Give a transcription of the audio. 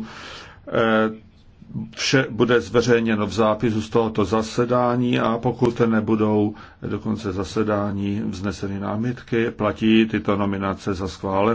Eh, vše bude zveřejněno v zápisu z tohoto zasedání a pokud nebudou do konce zasedání vzneseny námitky, platí tyto nominace za schválené.